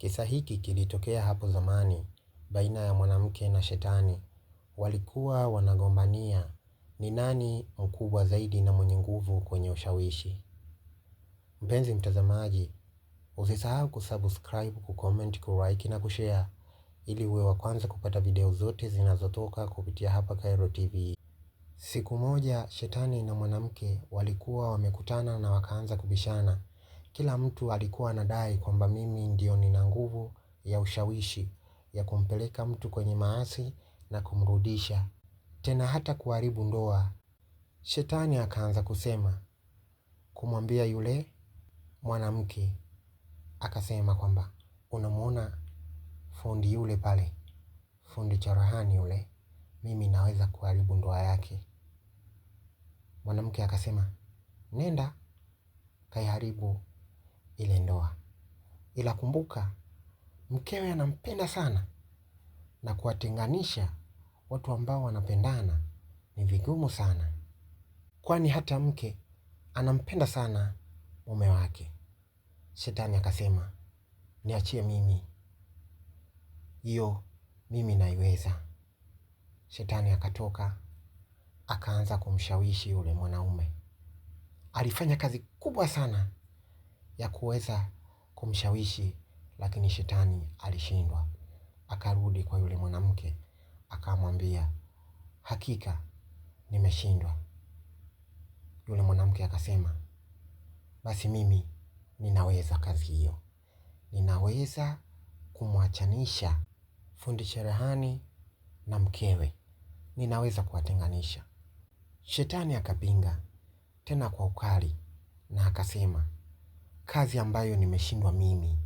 Kisa hiki kilitokea hapo zamani, baina ya mwanamke na shetani. Walikuwa wanagombania, ni nani mkubwa zaidi na mwenye nguvu kwenye ushawishi. Mpenzi mtazamaji, usisahau kusubscribe, kucomment, kulike na kushare ili uwe wa kwanza kupata video zote zinazotoka kupitia hapa Khairo TV. Siku moja shetani na mwanamke walikuwa wamekutana na wakaanza kubishana. Kila mtu alikuwa anadai kwamba mimi ndio nina nguvu ya ushawishi ya kumpeleka mtu kwenye maasi na kumrudisha tena hata kuharibu ndoa. Shetani akaanza kusema kumwambia yule mwanamke, akasema kwamba unamwona fundi yule pale, fundi cherehani yule, mimi naweza kuharibu ndoa yake. Mwanamke akasema nenda kaiharibu ile ndoa. Ila kumbuka, mkewe anampenda sana na kuwatenganisha watu ambao wanapendana ni vigumu sana, kwani hata mke anampenda sana mume wake. Shetani akasema, niachie mimi, hiyo mimi naiweza. Shetani akatoka akaanza kumshawishi yule mwanaume. Alifanya kazi kubwa sana ya kuweza kumshawishi, lakini shetani alishindwa. Akarudi kwa yule mwanamke, akamwambia, hakika nimeshindwa. Yule mwanamke akasema, basi mimi ninaweza kazi hiyo, ninaweza kumwachanisha fundi cherehani na mkewe, ninaweza kuwatenganisha. Shetani akapinga tena kwa ukali na akasema kazi ambayo nimeshindwa mimi,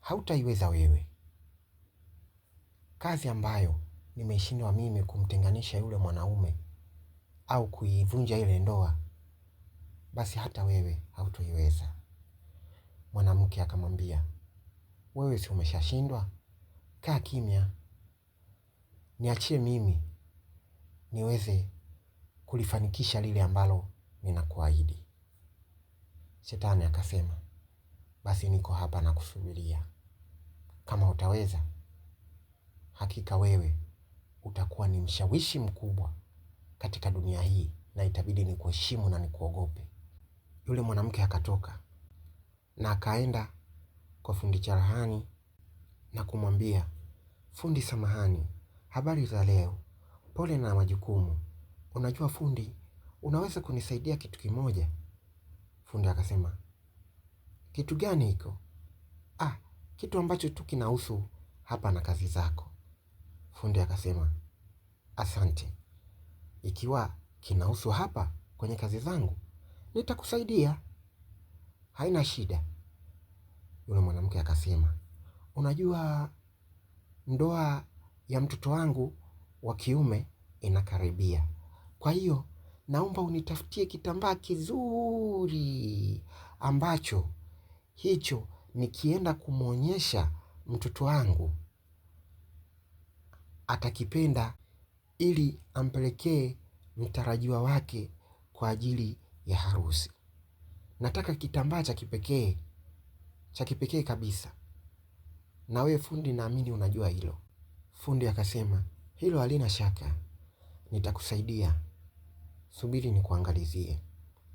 hautaiweza wewe. Kazi ambayo nimeshindwa mimi kumtenganisha yule mwanaume au kuivunja ile ndoa, basi hata wewe hautoiweza. Mwanamke akamwambia, wewe si umeshashindwa? Kaa kimya, niachie mimi niweze kulifanikisha lile ambalo ninakuahidi. Shetani akasema, basi niko hapa na kusubiria, kama utaweza, hakika wewe utakuwa ni mshawishi mkubwa katika dunia hii, na itabidi nikuheshimu na nikuogope. Yule mwanamke akatoka na akaenda kwa fundi cherehani na kumwambia, fundi, samahani, habari za leo, pole na majukumu. Unajua fundi, unaweza kunisaidia kitu kimoja? Fundi akasema, kitu gani hiko? Ah, kitu ambacho tu kinahusu hapa na kazi zako. Fundi akasema, asante. Ikiwa kinahusu hapa kwenye kazi zangu, nitakusaidia, haina shida. Yule mwanamke akasema, unajua ndoa ya mtoto wangu wa kiume inakaribia, kwa hiyo naomba unitafutie kitambaa kizuri ambacho hicho nikienda kumwonyesha mtoto wangu atakipenda, ili ampelekee mtarajiwa wake kwa ajili ya harusi. Nataka kitambaa cha kipekee, cha kipekee kabisa, na wewe fundi, naamini unajua hilo. Fundi akasema hilo halina shaka, nitakusaidia subiri kuangalizie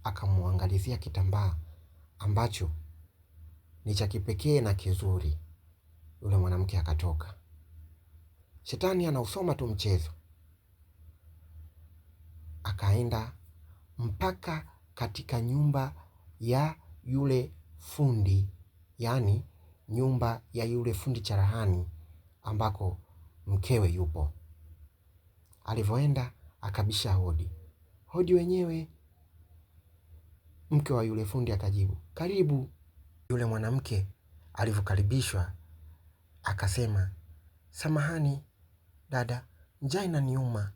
Akamuangalizia kitambaa ambacho ni cha kipekee na kizuri. Yule mwanamke akatoka. Shetani anausoma tu mchezo. Akaenda mpaka katika nyumba ya yule fundi, yaani nyumba ya yule fundi cherehani ambako mkewe yupo. Alivyoenda akabisha hodi hodi wenyewe. Mke wa yule fundi akajibu, karibu. Yule mwanamke alivyokaribishwa akasema, samahani dada, njaa inaniuma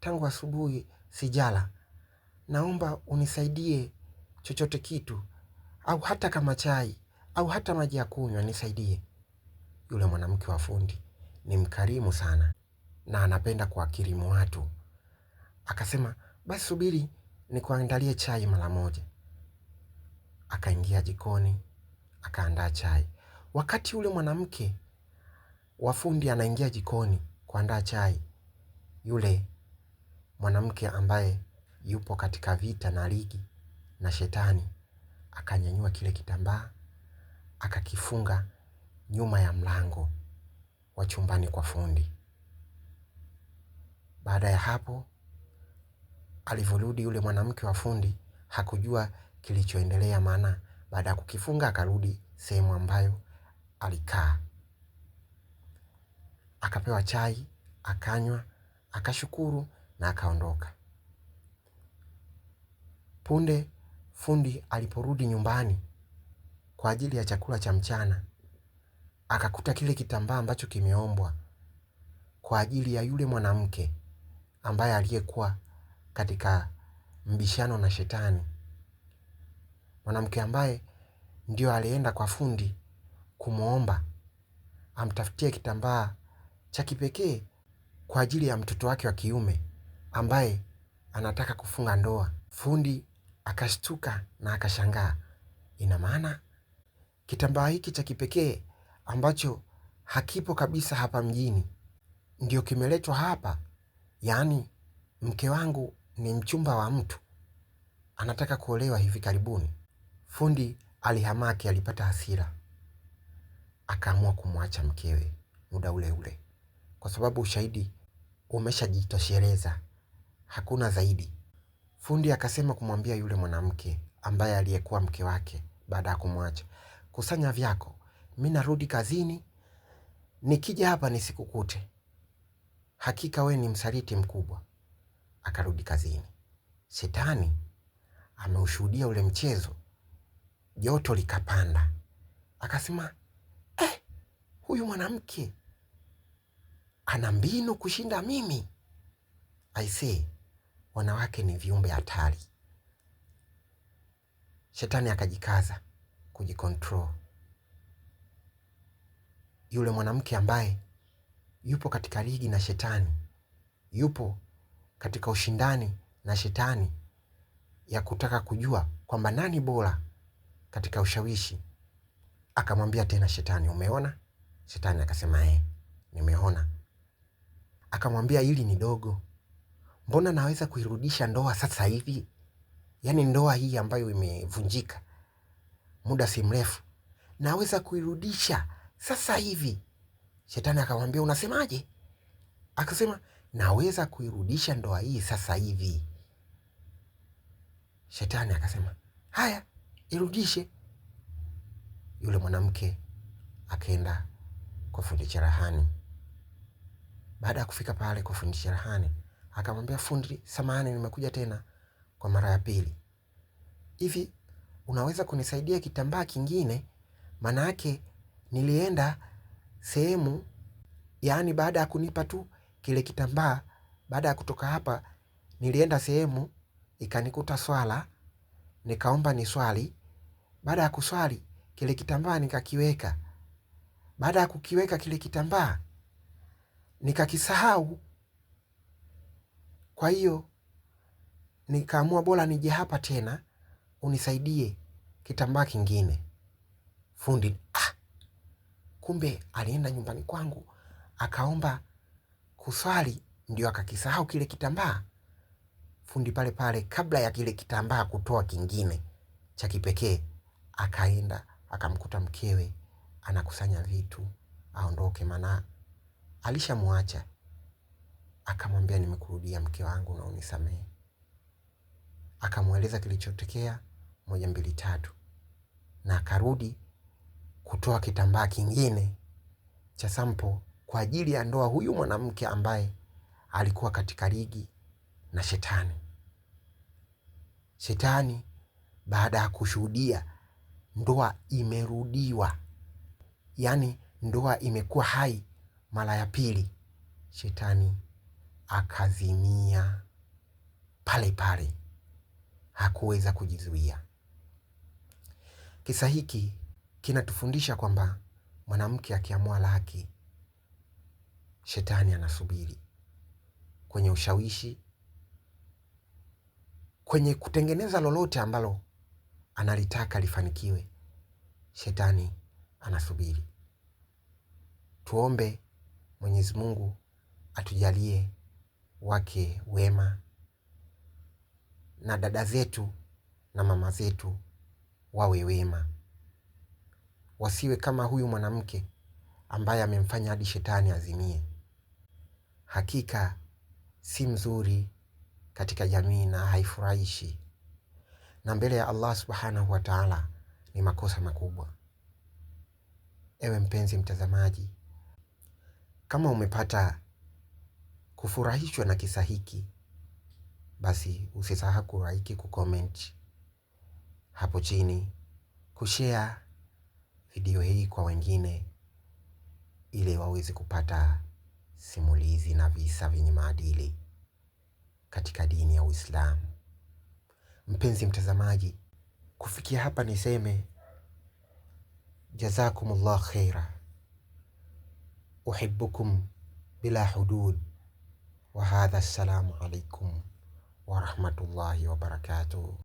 tangu asubuhi sijala, naomba unisaidie chochote kitu, au hata kama chai au hata maji ya kunywa nisaidie. Yule mwanamke wa fundi ni mkarimu sana na anapenda kuwakirimu watu, akasema basi subiri nikuandalie chai mara moja. Akaingia jikoni akaandaa chai. Wakati ule mwanamke wa fundi anaingia jikoni kuandaa chai, yule mwanamke ambaye yupo katika vita na ligi na shetani akanyanyua kile kitambaa akakifunga nyuma ya mlango wa chumbani kwa fundi. Baada ya hapo Alivyorudi yule mwanamke wa fundi hakujua kilichoendelea, maana baada ya kukifunga akarudi sehemu ambayo alikaa, akapewa chai akanywa, akashukuru na akaondoka. Punde fundi aliporudi nyumbani kwa ajili ya chakula cha mchana, akakuta kile kitambaa ambacho kimeombwa kwa ajili ya yule mwanamke ambaye aliyekuwa katika mbishano na shetani. Mwanamke ambaye ndio alienda kwa fundi kumwomba amtafutie kitambaa cha kipekee kwa ajili ya mtoto wake wa kiume ambaye anataka kufunga ndoa. Fundi akashtuka na akashangaa, ina maana kitambaa hiki cha kipekee ambacho hakipo kabisa hapa mjini ndio kimeletwa hapa? Yaani mke wangu ni mchumba wa mtu anataka kuolewa hivi karibuni. Fundi alihamaki, alipata hasira, akaamua kumwacha mkewe muda ule ule, kwa sababu ushahidi umeshajitosheleza, hakuna zaidi. Fundi akasema kumwambia yule mwanamke ambaye aliyekuwa mke wake baada ya kumwacha, kusanya vyako, mi narudi kazini, nikija hapa nisikukute, hakika we ni msaliti mkubwa akarudi kazini. Shetani ameushuhudia ule mchezo, joto likapanda, akasema eh, huyu mwanamke ana mbinu kushinda mimi. Aisee, wanawake ni viumbe hatari. Shetani akajikaza kujikontrol. Yule mwanamke ambaye yupo katika ligi na shetani, yupo katika ushindani na shetani ya kutaka kujua kwamba nani bora katika ushawishi. Akamwambia tena shetani, umeona? Shetani akasema eh, nimeona. Akamwambia hili ni dogo, mbona naweza kuirudisha ndoa sasa hivi? Yaani ndoa hii ambayo imevunjika muda si mrefu naweza kuirudisha sasa hivi. Shetani akamwambia unasemaje? Akasema naweza kuirudisha ndoa hii sasa hivi. Shetani akasema haya, irudishe. Yule mwanamke akaenda kwa fundi cherehani. Baada ya kufika pale kwa fundi cherehani, akamwambia fundi, samahani, nimekuja tena kwa mara ya pili, hivi unaweza kunisaidia kitambaa kingine? Maana yake nilienda sehemu, yaani baada ya kunipa tu kile kitambaa. Baada ya kutoka hapa, nilienda sehemu ikanikuta swala, nikaomba niswali. Baada ya kuswali, kile kitambaa nikakiweka. Baada ya kukiweka kile kitambaa, nikakisahau. Kwa hiyo nikaamua bora nije hapa tena unisaidie kitambaa kingine. Fundi ah, kumbe alienda nyumbani kwangu akaomba kuswali, ndio akakisahau kile kitambaa. Fundi pale pale, kabla ya kile kitambaa kutoa kingine cha kipekee, akaenda akamkuta mkewe anakusanya vitu aondoke, maana alishamwacha. Akamwambia, nimekurudia mke wangu, na unisamehe. Akamweleza kilichotokea moja mbili tatu, na akarudi kutoa kitambaa kingine cha sampo kwa ajili ya ndoa huyu mwanamke ambaye alikuwa katika ligi na shetani. Shetani baada ya kushuhudia ndoa imerudiwa, yaani ndoa imekuwa hai mara ya pili, shetani akazimia pale pale, hakuweza kujizuia. Kisa hiki kinatufundisha kwamba mwanamke akiamua laki shetani anasubiri kwenye ushawishi, kwenye kutengeneza lolote ambalo analitaka lifanikiwe. Shetani anasubiri. Tuombe Mwenyezi Mungu atujalie wake wema na dada zetu na mama zetu wawe wema, wasiwe kama huyu mwanamke ambaye amemfanya hadi shetani azimie hakika si mzuri katika jamii na haifurahishi, na mbele ya Allah subhanahu wa taala ni makosa makubwa. Ewe mpenzi mtazamaji, kama umepata kufurahishwa na kisa hiki, basi usisahau kuraiki, kucomment hapo chini, kushare video hii kwa wengine ili waweze kupata simulizi na visa vyenye maadili katika dini ya uislamu. Mpenzi mtazamaji, kufikia hapa niseme jazakumullah khaira. Uhibbukum bila hudud. Wa hadha assalamu alaikum wa rahmatullahi wa barakatuh.